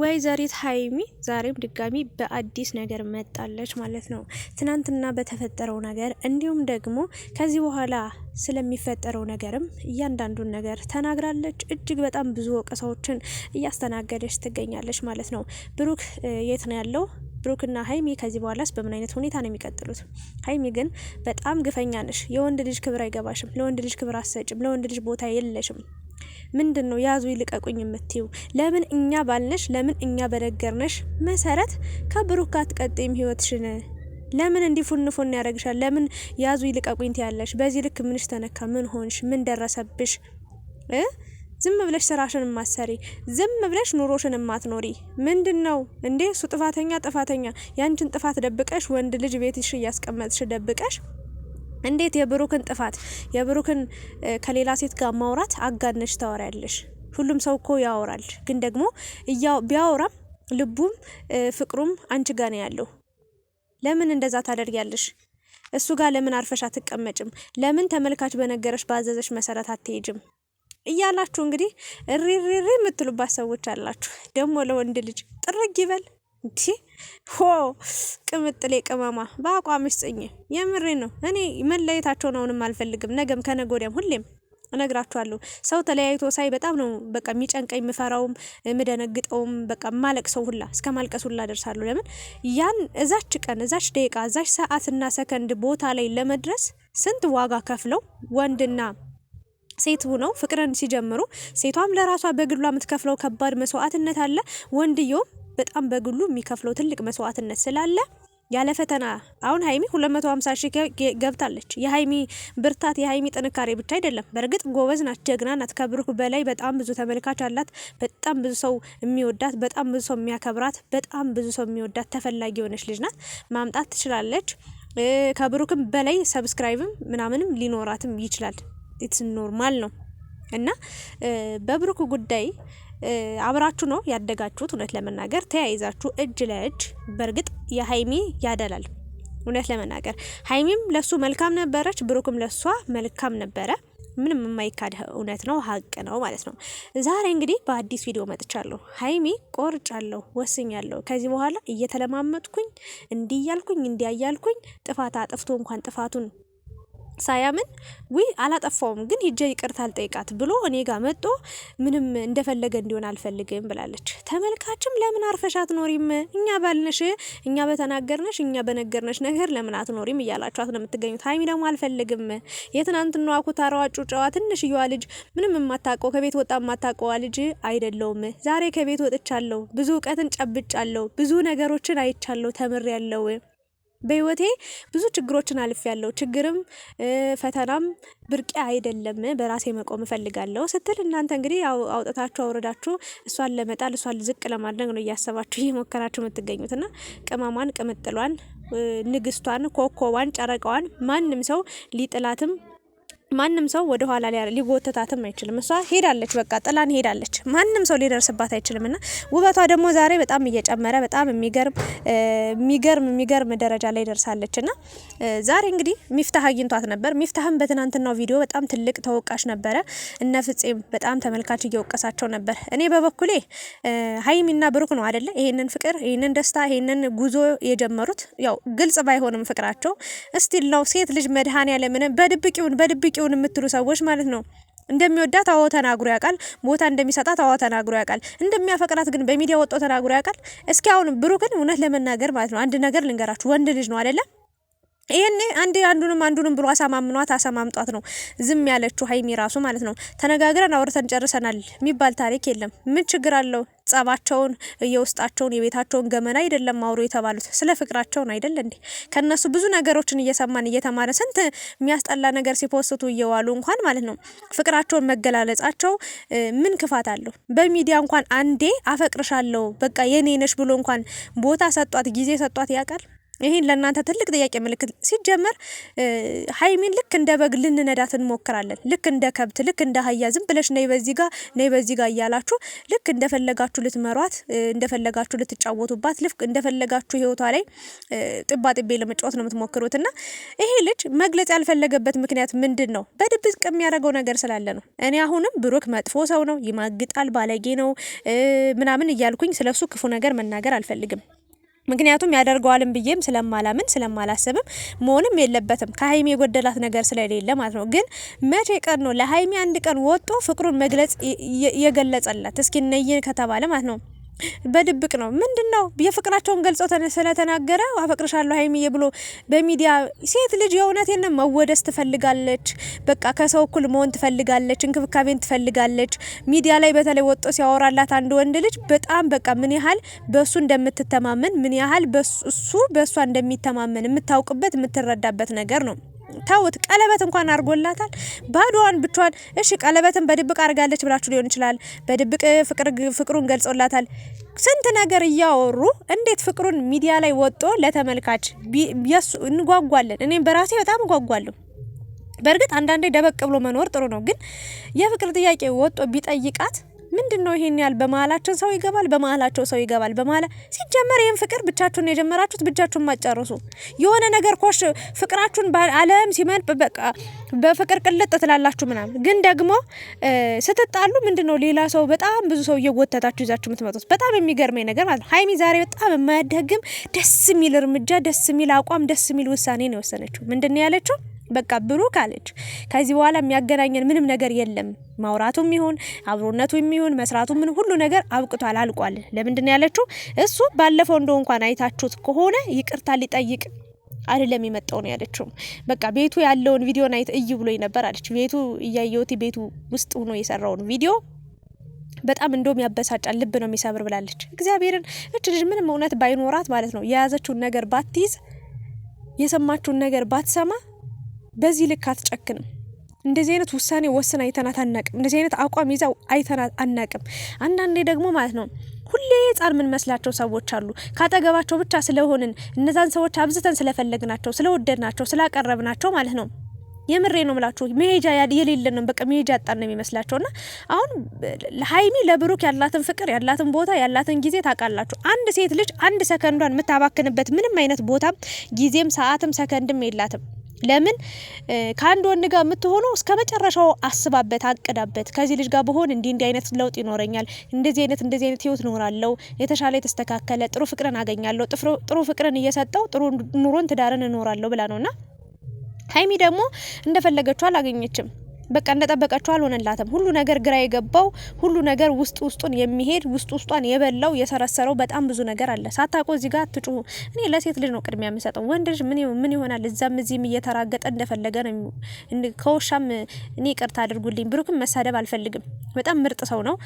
ወይዘሪት ሀይሚ ዛሬም ድጋሚ በአዲስ ነገር መጣለች ማለት ነው። ትናንትና በተፈጠረው ነገር እንዲሁም ደግሞ ከዚህ በኋላ ስለሚፈጠረው ነገርም እያንዳንዱን ነገር ተናግራለች። እጅግ በጣም ብዙ ወቀሳዎችን እያስተናገደች ትገኛለች ማለት ነው። ብሩክ የት ነው ያለው? ብሩክና ሀይሚ ከዚህ በኋላስ በምን አይነት ሁኔታ ነው የሚቀጥሉት? ሀይሚ ግን በጣም ግፈኛ ነሽ። የወንድ ልጅ ክብር አይገባሽም። ለወንድ ልጅ ክብር አሰጭም ለወንድ ልጅ ቦታ የለሽም። ምንድን ነው ያዙ ይልቀቁኝ የምትዩ? ለምን እኛ ባልነሽ፣ ለምን እኛ በነገርነሽ መሰረት ከብሩክ ጋር አትቀጥይም ህይወትሽን? ለምን እንዲህ ፉን ፉን ያደርግሻል? ለምን ያዙ ይልቀቁኝ ትያለሽ? በዚህ ልክ ምንሽ ተነካ? ምን ሆንሽ? ምን ደረሰብሽ? ዝም ብለሽ ስራሽን ማሰሪ፣ ዝም ብለሽ ኑሮሽን ማትኖሪ ምንድን ነው እንዴ? እሱ ጥፋተኛ ጥፋተኛ፣ ያንቺን ጥፋት ደብቀሽ ወንድ ልጅ ቤትሽ እያስቀመጥሽ ደብቀሽ እንዴት የብሩክን ጥፋት የብሩክን ከሌላ ሴት ጋር ማውራት አጋነሽ ታወሪያለሽ? ሁሉም ሰው እኮ ያወራል። ግን ደግሞ እያው ቢያወራም ልቡም ፍቅሩም አንቺ ጋር ነው ያለው። ለምን እንደዛ ታደርጊያለሽ? እሱ ጋር ለምን አርፈሽ አትቀመጭም? ለምን ተመልካች በነገረሽ ባዘዘሽ መሰረት አትሄጅም? እያላችሁ እንግዲህ ሪሪሪ የምትሉባት ሰዎች አላችሁ። ደግሞ ለወንድ ልጅ ጥርግ ይበል። እንቺ ሆ ቅምጥሌ ቅመማ በአቋምሽ ጽኚ። የምሬ ነው። እኔ መለየታቸውን አሁንም አልፈልግም። ነገም ከነጎዲያም ሁሌም እነግራችኋለሁ። ሰው ተለያይቶ ሳይ በጣም ነው በቃ የሚጨንቀኝ፣ የምፈራውም፣ የምደነግጠውም በቃ ማለቅ ሰው ሁላ እስከ ማልቀስ ሁላ ደርሳለሁ። ለምን ያን እዛች ቀን እዛች ደቂቃ እዛች ሰዓትና ሰከንድ ቦታ ላይ ለመድረስ ስንት ዋጋ ከፍለው ወንድና ሴት ሆነው ፍቅርን ሲጀምሩ ሴቷም ለራሷ በግሏ የምትከፍለው ከባድ መስዋዕትነት አለ። ወንድየውም በጣም በግሉ የሚከፍለው ትልቅ መስዋዕትነት ስላለ ያለ ፈተና አሁን ሀይሚ 250 ሺህ ገብታለች። የሀይሚ ብርታት የሀይሚ ጥንካሬ ብቻ አይደለም። በእርግጥ ጎበዝ ናት፣ ጀግና ናት። ከብሩክ በላይ በጣም ብዙ ተመልካች አላት። በጣም ብዙ ሰው የሚወዳት፣ በጣም ብዙ ሰው የሚያከብራት፣ በጣም ብዙ ሰው የሚወዳት ተፈላጊ የሆነች ልጅ ናት። ማምጣት ትችላለች። ከብሩክም በላይ ሰብስክራይብም ምናምንም ሊኖራትም ይችላል። ኢትስ ኖርማል ነው እና በብሩክ ጉዳይ አብራችሁ ነው ያደጋችሁት። እውነት ለመናገር ተያይዛችሁ እጅ ለእጅ በእርግጥ የሀይሚ ያደላል። እውነት ለመናገር ሀይሚም ለሱ መልካም ነበረች፣ ብሩክም ለሷ መልካም ነበረ። ምንም የማይካድ እውነት ነው፣ ሀቅ ነው ማለት ነው። ዛሬ እንግዲህ በአዲስ ቪዲዮ መጥቻለሁ። ሀይሚ ቆርጫለሁ፣ ወስኛለሁ። ከዚህ በኋላ እየተለማመጥኩኝ እንዲያልኩኝ እንዲያያልኩኝ ጥፋት አጥፍቶ እንኳን ጥፋቱን ሳያምን ውይ አላጠፋውም ግን ሂጄ ይቅርታ አልጠይቃት ብሎ እኔ ጋር መጦ ምንም እንደፈለገ እንዲሆን አልፈልግም ብላለች። ተመልካችም ለምን አርፈሽ አትኖሪም? እኛ ባልነሽ፣ እኛ በተናገርነሽ፣ እኛ በነገርነሽ ነገር ለምን አትኖሪም እያላችኋት ነው የምትገኙት። ሀይሚ ደግሞ አልፈልግም። የትናንትና ኩታራዋ ጩጫዋ ትንሽየዋ ልጅ ምንም የማታውቀው ከቤት ወጣ የማታውቀዋ ልጅ አይደለውም። ዛሬ ከቤት ወጥቻለሁ፣ ብዙ እውቀትን ጨብጫለሁ፣ ብዙ ነገሮችን አይቻለሁ፣ ተምሬያለሁ በህይወቴ ብዙ ችግሮችን አልፍ ያለው ችግርም ፈተናም ብርቅ አይደለም፣ በራሴ መቆም እፈልጋለሁ ስትል እናንተ እንግዲህ አውጥታችሁ አውረዳችሁ እሷን ለመጣል እሷን ዝቅ ለማድረግ ነው እያሰባችሁ እየሞከራችሁ የምትገኙት ና ቅመሟን፣ ቅምጥሏን፣ ንግስቷን፣ ኮከቧን ጨረቃዋን ማንም ሰው ሊጥላትም ማንም ሰው ወደ ኋላ ሊጎተታትም አይችልም። እሷ ሄዳለች፣ በቃ ጥላን ሄዳለች። ማንም ሰው ሊደርስባት አይችልም። እና ውበቷ ደግሞ ዛሬ በጣም እየጨመረ በጣም የሚገርም የሚገርም የሚገርም ደረጃ ላይ ደርሳለች። እና ዛሬ እንግዲህ ሚፍታህ አግኝቷት ነበር። ሚፍታህም በትናንትናው ቪዲዮ በጣም ትልቅ ተወቃሽ ነበረ። እነ ፍጼም በጣም ተመልካች እየወቀሳቸው ነበር። እኔ በበኩሌ ሀይሚና ብሩክ ነው አደለ ይሄንን ፍቅር ይሄንን ደስታ ይሄንን ጉዞ የጀመሩት ያው ግልጽ ባይሆንም ፍቅራቸው እስቲል ነው ሴት ልጅ መድሃን ያለምን በድብቂውን ይሁን ይሁን የምትሉ ሰዎች ማለት ነው። እንደሚወዳት አዎ ተናግሮ ያውቃል። ቦታ እንደሚሰጣት አዎ ተናግሮ ያውቃል። እንደሚያፈቅራት ግን በሚዲያ ወጥቶ ተናግሮ ያውቃል። እስኪ አሁን ብሩክን እውነት ለመናገር ማለት ነው አንድ ነገር ልንገራችሁ፣ ወንድ ልጅ ነው አይደለም ይህኔ አንድ አንዱንም አንዱንም ብሎ አሳማምኗት አሳማምጧት ነው ዝም ያለችው ሀይሚ ራሱ ማለት ነው። ተነጋግረን አውርተን ጨርሰናል የሚባል ታሪክ የለም። ምን ችግር አለው? ጸባቸውን፣ የውስጣቸውን፣ የቤታቸውን ገመና አይደለም ማውሩ የተባሉት ስለ ፍቅራቸውን አይደለ እንዴ? ከነሱ ብዙ ነገሮችን እየሰማን እየተማረ ስንት የሚያስጠላ ነገር ሲፖስቱ እየዋሉ እንኳን ማለት ነው ፍቅራቸውን መገላለጻቸው ምን ክፋት አለው? በሚዲያ እንኳን አንዴ አፈቅርሻለሁ በቃ የኔ ነሽ ብሎ እንኳን ቦታ ሰጧት ጊዜ ሰጧት ያውቃል ይሄን ለእናንተ ትልቅ ጥያቄ ምልክት። ሲጀመር ሀይሚን ልክ እንደ በግ ልንነዳት እንሞክራለን። ልክ እንደ ከብት፣ ልክ እንደ አህያ ዝም ብለሽ ነይ በዚህ ጋ ነይ በዚህ ጋ እያላችሁ ልክ እንደፈለጋችሁ ልትመሯት፣ እንደፈለጋችሁ ልትጫወቱባት፣ ልክ እንደፈለጋችሁ ህይወቷ ላይ ጥባጥቤ ለመጫወት ነው የምትሞክሩት። እና ይሄ ልጅ መግለጽ ያልፈለገበት ምክንያት ምንድን ነው? በድብቅ የሚያደርገው ነገር ስላለ ነው። እኔ አሁንም ብሩክ መጥፎ ሰው ነው፣ ይማግጣል፣ ባለጌ ነው ምናምን እያልኩኝ ስለሱ ክፉ ነገር መናገር አልፈልግም። ምክንያቱም ያደርገዋልም ብዬም ስለማላምን ስለማላስብም መሆንም የለበትም ከሀይሚ የጎደላት ነገር ስለሌለ ማለት ነው። ግን መቼ ቀን ነው ለሀይሚ አንድ ቀን ወጦ ፍቅሩን መግለጽ የገለጸላት? እስኪ ነይን ከተባለ ማለት ነው በድብቅ ነው። ምንድን ነው የፍቅራቸውን ገልጸው ስለተናገረ አፈቅርሻለሁ ሀይሚዬ ብሎ በሚዲያ ሴት ልጅ የእውነቴን መወደስ ትፈልጋለች። በቃ ከሰው እኩል መሆን ትፈልጋለች፣ እንክብካቤን ትፈልጋለች። ሚዲያ ላይ በተለይ ወጦ ሲያወራላት አንድ ወንድ ልጅ በጣም በቃ ምን ያህል በእሱ እንደምትተማመን ምን ያህል እሱ በእሷ እንደሚተማመን የምታውቅበት የምትረዳበት ነገር ነው። ተውት። ቀለበት እንኳን አድርጎላታል። ባዶዋን ብቻዋን። እሺ ቀለበትን በድብቅ አድርጋለች ብላችሁ ሊሆን ይችላል። በድብቅ ፍቅሩን ገልጾላታል። ስንት ነገር እያወሩ እንዴት ፍቅሩን ሚዲያ ላይ ወጦ ለተመልካች ቢያሱ እንጓጓለን። እኔም በራሴ በጣም እጓጓለሁ። በእርግጥ አንዳንዴ ደበቅ ብሎ መኖር ጥሩ ነው፣ ግን የፍቅር ጥያቄ ወጦ ቢጠይቃት ምንድን ነው ይሄን ያህል በመሀላችን ሰው ይገባል፣ በመሀላቸው ሰው ይገባል። በመሀላ ሲጀመር ይህን ፍቅር ብቻችሁን የጀመራችሁት ብቻችሁን ማጨርሱ የሆነ ነገር ኮሽ ፍቅራችሁን ዓለም ሲመን በቃ በፍቅር ቅልጥ ትላላችሁ ምናምን፣ ግን ደግሞ ስትጣሉ ምንድን ነው ሌላ ሰው በጣም ብዙ ሰው እየጎተታችሁ ይዛችሁ የምትመጡት በጣም የሚገርመኝ ነገር ማለት ነው። ሀይሚ ዛሬ በጣም የማያዳግም ደስ የሚል እርምጃ፣ ደስ የሚል አቋም፣ ደስ የሚል ውሳኔ ነው የወሰነችው። ምንድን ነው ያለችው? በቃ ብሩክ አለች። ከዚህ በኋላ የሚያገናኘን ምንም ነገር የለም። ማውራቱም ይሁን አብሮነቱ ይሁን መስራቱ ምን ሁሉ ነገር አብቅቷል፣ አልቋል። ለምንድን ነው ያለችው? እሱ ባለፈው እንደው እንኳን አይታችሁት ከሆነ ይቅርታ ሊጠይቅ አይደለም የመጣው ነው ያለችው። በቃ ቤቱ ያለውን ቪዲዮ ናይት እይ ብሎ ነበር አለች። ቤቱ እያየሁት ቤቱ ውስጥ ሆኖ የሰራውን ቪዲዮ በጣም እንደውም ያበሳጫል፣ ልብ ነው የሚሰብር ብላለች። እግዚአብሔርን እች ልጅ ምንም እውነት ባይኖራት ማለት ነው የያዘችውን ነገር ባትይዝ የሰማችውን ነገር ባትሰማ በዚህ ልክ አትጨክንም። እንደዚህ አይነት ውሳኔ ወስን አይተናት አናቅም። እንደዚህ አይነት አቋም ይዛው አይተናት አናቅም። አንዳንዴ ደግሞ ማለት ነው ሁሌ ህጻን መስላቸው ሰዎች አሉ። ካጠገባቸው ብቻ ስለሆንን እነዛን ሰዎች አብዝተን ስለፈለግናቸው፣ ስለወደድናቸው፣ ስላቀረብናቸው ማለት ነው የምሬ ነው ምላችሁ መሄጃ የሌለ ነው በቃ መሄጃ ያጣን ነው የሚመስላቸው። እና አሁን ለሀይሚ ለብሩክ ያላትን ፍቅር ያላትን ቦታ ያላትን ጊዜ ታውቃላችሁ። አንድ ሴት ልጅ አንድ ሰከንዷን የምታባክንበት ምንም አይነት ቦታም ጊዜም ሰዓትም ሰከንድም የላትም። ለምን ከአንድ ወንድ ጋር የምትሆኑ እስከ መጨረሻው አስባበት፣ አቅዳበት ከዚህ ልጅ ጋር በሆን እንዲህ እንዲህ አይነት ለውጥ ይኖረኛል፣ እንደዚህ አይነት እንደዚህ አይነት ህይወት ኖራለሁ፣ የተሻለ የተስተካከለ ጥሩ ፍቅርን አገኛለሁ፣ ጥሩ ፍቅርን እየሰጠው ጥሩ ኑሮን ትዳርን እኖራለሁ ብላ ነውና ሀይሚ ደግሞ እንደፈለገችው አላገኘችም። በቃ እንደጠበቀችው አልሆነላትም። ሁሉ ነገር ግራ የገባው ሁሉ ነገር ውስጥ ውስጡን የሚሄድ ውስጥ ውስጧን የበላው የሰረሰረው በጣም ብዙ ነገር አለ። ሳታቆ እዚህ ጋር አትጩሁ። እኔ ለሴት ልጅ ነው ቅድሚያ የምሰጠው። ወንድ ልጅ ምን ይሆናል? እዛም እዚህም እየተራገጠ እንደፈለገ ነው። ከውሻም እኔ ይቅርታ አድርጉልኝ፣ ብሩክም መሳደብ አልፈልግም። በጣም ምርጥ ሰው ነው።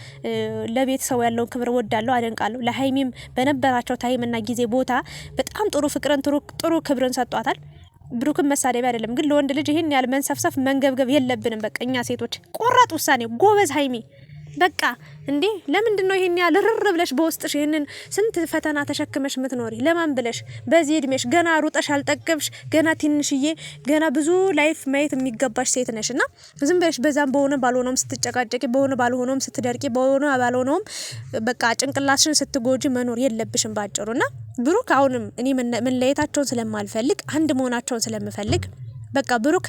ለቤት ሰው ያለውን ክብር ወዳለሁ፣ አደንቃለሁ። ለሀይሚም በነበራቸው ታይምና ጊዜ ቦታ በጣም ጥሩ ፍቅርን ጥሩ ክብርን ሰጧታል። ብሩክን መሳደብ አይደለም ግን ለወንድ ልጅ ይህን ያህል መንሰፍሰፍ መንገብገብ የለብንም። በቃ እኛ ሴቶች ቆራጥ ውሳኔ ጎበዝ ሀይሜ በቃ እንዴ ለምንድን ነው ይሄን ያህል ርር ብለሽ በውስጥሽ ይሄንን ስንት ፈተና ተሸክመሽ ምትኖሪ? ለማን ብለሽ በዚህ እድሜሽ ገና ሩጠሽ አልጠገብሽ፣ ገና ትንሽዬ፣ ገና ብዙ ላይፍ ማየት የሚገባሽ ሴት ነሽ እና ዝም ብለሽ በዛም በሆነ ባልሆነውም ስትጨቃጨቂ፣ በሆነ ባልሆነውም ስትደርቂ፣ በሆነ ባልሆነውም በቃ ጭንቅላትሽን ስትጎጂ መኖር የለብሽም ባጭሩ። እና ብሩክ አሁንም እኔ መለየታቸውን ስለማልፈልግ አንድ መሆናቸውን ስለምፈልግ በቃ ብሩክ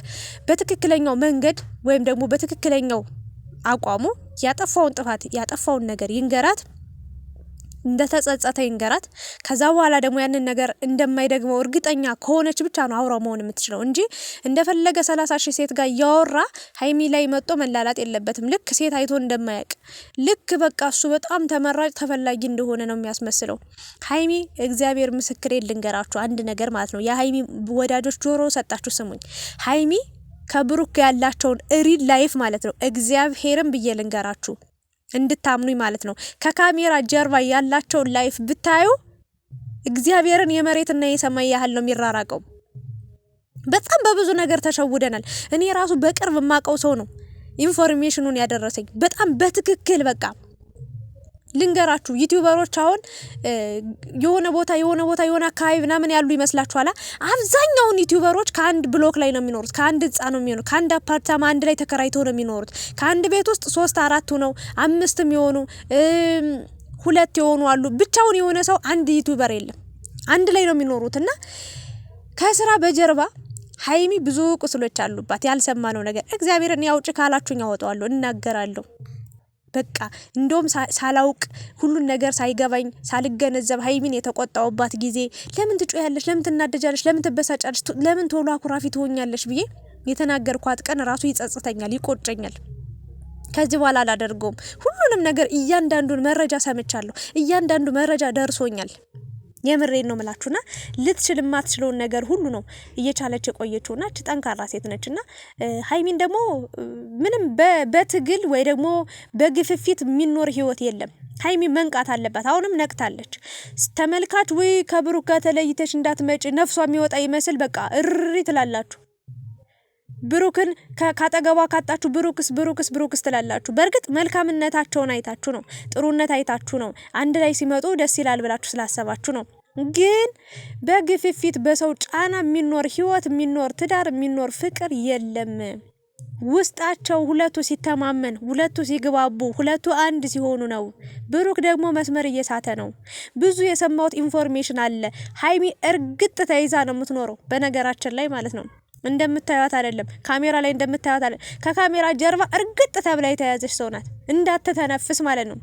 በትክክለኛው መንገድ ወይም ደግሞ በትክክለኛው አቋሙ ያጠፋውን ጥፋት ያጠፋውን ነገር ይንገራት፣ እንደተጸጸተ ይንገራት። ከዛ በኋላ ደግሞ ያንን ነገር እንደማይደግመው እርግጠኛ ከሆነች ብቻ ነው አውራው መሆን የምትችለው እንጂ እንደፈለገ ሰላሳ ሺህ ሴት ጋር እያወራ ሀይሚ ላይ መጦ መላላጥ የለበትም። ልክ ሴት አይቶ እንደማያውቅ ልክ በቃ እሱ በጣም ተመራጭ ተፈላጊ እንደሆነ ነው የሚያስመስለው። ሀይሚ እግዚአብሔር ምስክሬ ልንገራችሁ አንድ ነገር ማለት ነው። የሀይሚ ወዳጆች ጆሮ ሰጣችሁ ስሙኝ ሀይሚ ከብሩክ ያላቸውን ሪል ላይፍ ማለት ነው። እግዚአብሔርን ብዬ ልንገራችሁ እንድታምኑኝ ማለት ነው። ከካሜራ ጀርባ ያላቸውን ላይፍ ብታዩ እግዚአብሔርን የመሬትና የሰማይ ያህል ነው የሚራራቀው። በጣም በብዙ ነገር ተሸውደናል። እኔ ራሱ በቅርብ የማውቀው ሰው ነው ኢንፎርሜሽኑን ያደረሰኝ በጣም በትክክል በቃ ልንገራችሁ ዩቲዩበሮች አሁን የሆነ ቦታ የሆነ ቦታ የሆነ አካባቢ ምናምን ያሉ ይመስላችኋላ። አብዛኛውን ዩቲዩበሮች ከአንድ ብሎክ ላይ ነው የሚኖሩት፣ ከአንድ ህንጻ ነው የሚሆኑ፣ ከአንድ አፓርታማ አንድ ላይ ተከራይተው ነው የሚኖሩት። ከአንድ ቤት ውስጥ ሶስት አራት ነው አምስትም የሆኑ ሁለት የሆኑ አሉ። ብቻውን የሆነ ሰው አንድ ዩቲዩበር የለም። አንድ ላይ ነው የሚኖሩት እና ከስራ በጀርባ ሀይሚ ብዙ ቁስሎች አሉባት። ያልሰማነው ነገር እግዚአብሔርን ያውጭ ካላችሁኝ አወጣዋለሁ፣ እናገራለሁ። በቃ እንደውም ሳላውቅ ሁሉን ነገር ሳይገባኝ ሳልገነዘብ ሀይሚን የተቆጣውባት ጊዜ ለምን ትጮያለሽ? ለምን ትናደጃለሽ? ለምን ትበሳጫለሽ? ለምን ቶሎ አኩራፊ ትሆኛለሽ? ብዬ የተናገርኳት ቀን ራሱ ይጸጽተኛል፣ ይቆጨኛል። ከዚህ በኋላ አላደርገውም። ሁሉንም ነገር እያንዳንዱን መረጃ ሰምቻለሁ፣ እያንዳንዱ መረጃ ደርሶኛል። የምሬን ነው ምላችሁና ልትችል የማትችለውን ነገር ሁሉ ነው እየቻለች የቆየችው እች ጠንካራ ሴት ነች እና ሀይሚን ደግሞ ምንም በትግል ወይ ደግሞ በግፍፊት የሚኖር ህይወት የለም። ሀይሚ መንቃት አለባት። አሁንም ነቅታለች። ተመልካች ወይ ከብሩክ ጋር ተለይተች እንዳትመጪ ነፍሷ የሚወጣ ይመስል በቃ እሪ ትላላችሁ። ብሩክን ካጠገቧ ካጣችሁ ብሩክስ ብሩክስ ብሩክስ ትላላችሁ። በእርግጥ መልካምነታቸውን አይታችሁ ነው፣ ጥሩነት አይታችሁ ነው፣ አንድ ላይ ሲመጡ ደስ ይላል ብላችሁ ስላሰባችሁ ነው። ግን በግፊፊት በሰው ጫና የሚኖር ህይወት የሚኖር ትዳር የሚኖር ፍቅር የለም። ውስጣቸው ሁለቱ ሲተማመን፣ ሁለቱ ሲግባቡ፣ ሁለቱ አንድ ሲሆኑ ነው። ብሩክ ደግሞ መስመር እየሳተ ነው። ብዙ የሰማሁት ኢንፎርሜሽን አለ። ሀይሚ እርግጥ ተይዛ ነው የምትኖረው በነገራችን ላይ ማለት ነው። እንደምታዩት አይደለም፣ ካሜራ ላይ እንደምታዩት አይደለም። ከካሜራ ጀርባ እርግጥ ተብላ የተያዘች ሰው ናት፣ እንዳትተነፍስ ማለት ነው።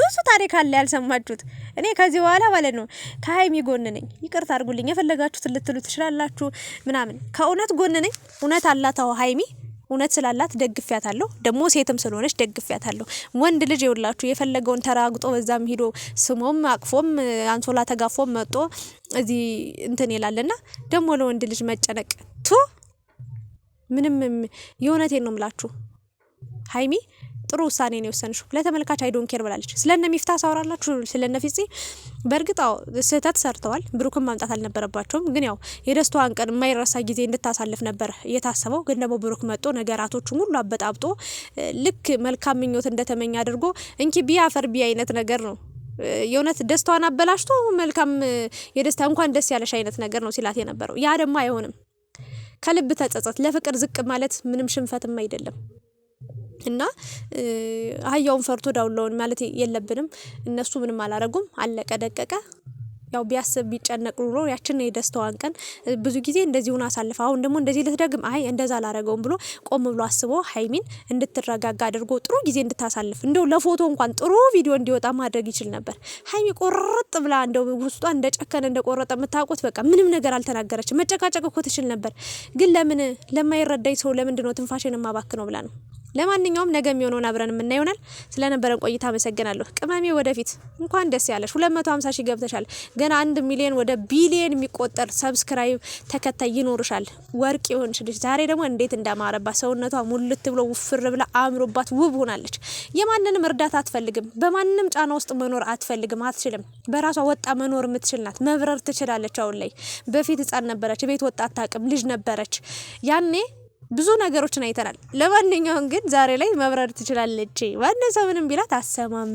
ብዙ ታሪክ አለ ያልሰማችሁት። እኔ ከዚህ በኋላ ማለት ነው ከሀይሚ ጎን ነኝ። ይቅርታ አድርጉልኝ። የፈለጋችሁትን ልትሉ ትችላላችሁ ምናምን፣ ከእውነት ጎን ነኝ። እውነት አላተው ሀይሚ እውነት ስላላት ደግፊያታለሁ። ደግሞ ሴትም ስለሆነች ደግፊያታለሁ። ወንድ ልጅ የውላችሁ የፈለገውን ተራግጦ በዛም ሂዶ ስሞም አቅፎም አንሶላ ተጋፎም መጦ እዚህ እንትን ይላልና ደግሞ ለወንድ ልጅ መጨነቅ ቱ ምንም የእውነቴን ነው የምላችሁ ሀይሚ ጥሩ ውሳኔ ነው የወሰንሽው። ለተመልካች አይዶን ኬር ብላለች። ስለነ ሚፍታ ሳውራላችሁ ስለነ ፊጺ በእርግጥ አዎ ስህተት ሰርተዋል። ብሩክን ማምጣት አልነበረባቸውም። ግን ያው የደስታዋን ቀን የማይረሳ ጊዜ እንድታሳልፍ ነበር የታሰበው። ግን ደግሞ ብሩክ መጦ ነገራቶችን ሁሉ አበጣብጦ ልክ መልካም ምኞት እንደተመኘ አድርጎ እንኪ ቢያፈር ቢ አይነት ነገር ነው የእውነት ደስታዋን አበላሽቶ መልካም የደስታ እንኳን ደስ ያለሽ አይነት ነገር ነው ሲላት የነበረው። ያ ደግሞ አይሆንም። ከልብ ተጸጸት። ለፍቅር ዝቅ ማለት ምንም ሽንፈትም አይደለም። እና አህያውን ፈርቶ ዳውላውን ማለት የለብንም። እነሱ ምንም አላረጉም። አለቀ ደቀቀ። ያው ቢያስብ ቢጨነቅ ኑሮ ያችን የደስታዋን ቀን ብዙ ጊዜ እንደዚህ ሁን አሳልፈ አሁን ደግሞ እንደዚህ ልትደግም አይ እንደዛ አላረገውም ብሎ ቆም ብሎ አስቦ ሀይሚን እንድትረጋጋ አድርጎ ጥሩ ጊዜ እንድታሳልፍ እንደው ለፎቶ እንኳን ጥሩ ቪዲዮ እንዲወጣ ማድረግ ይችል ነበር። ሀይሚ ቆረጥ ብላ እንደው ውስጧ እንደ ጨከነ እንደ ቆረጠ የምታውቁት በቃ ምንም ነገር አልተናገረች። መጨቃጨቅ እኮ ትችል ነበር፣ ግን ለምን ለማይረዳኝ ሰው ለምንድን ነው ትንፋሽን ማባክ ነው ብላ ነው ለማንኛውም ነገ የሚሆነውን አብረን የምና ይሆናል። ስለነበረን ቆይታ አመሰግናለሁ። ቅመሜ ወደፊት እንኳን ደስ ያለሽ። 250 ሺህ ገብተሻል። ገና አንድ ሚሊዮን ወደ ቢሊየን የሚቆጠር ሰብስክራይብ ተከታይ ይኖርሻል። ወርቅ ይሆንሽ ልጅ ዛሬ ደግሞ እንዴት እንዳማረባት ሰውነቷ ሙልት ብሎ ውፍር ብላ አምሮባት ውብ ሆናለች። የማንንም እርዳታ አትፈልግም። በማንም ጫና ውስጥ መኖር አትፈልግም፣ አትችልም። በራሷ ወጣ መኖር የምትችል ናት። መብረር ትችላለች። አሁን ላይ በፊት ህጻን ነበረች፣ ቤት ወጣ አታውቅም፣ ልጅ ነበረች ያኔ ብዙ ነገሮችን አይተናል። ለማንኛውም ግን ዛሬ ላይ መብረር ትችላለች። ዋና ሰው ምንም ቢላት አሰማም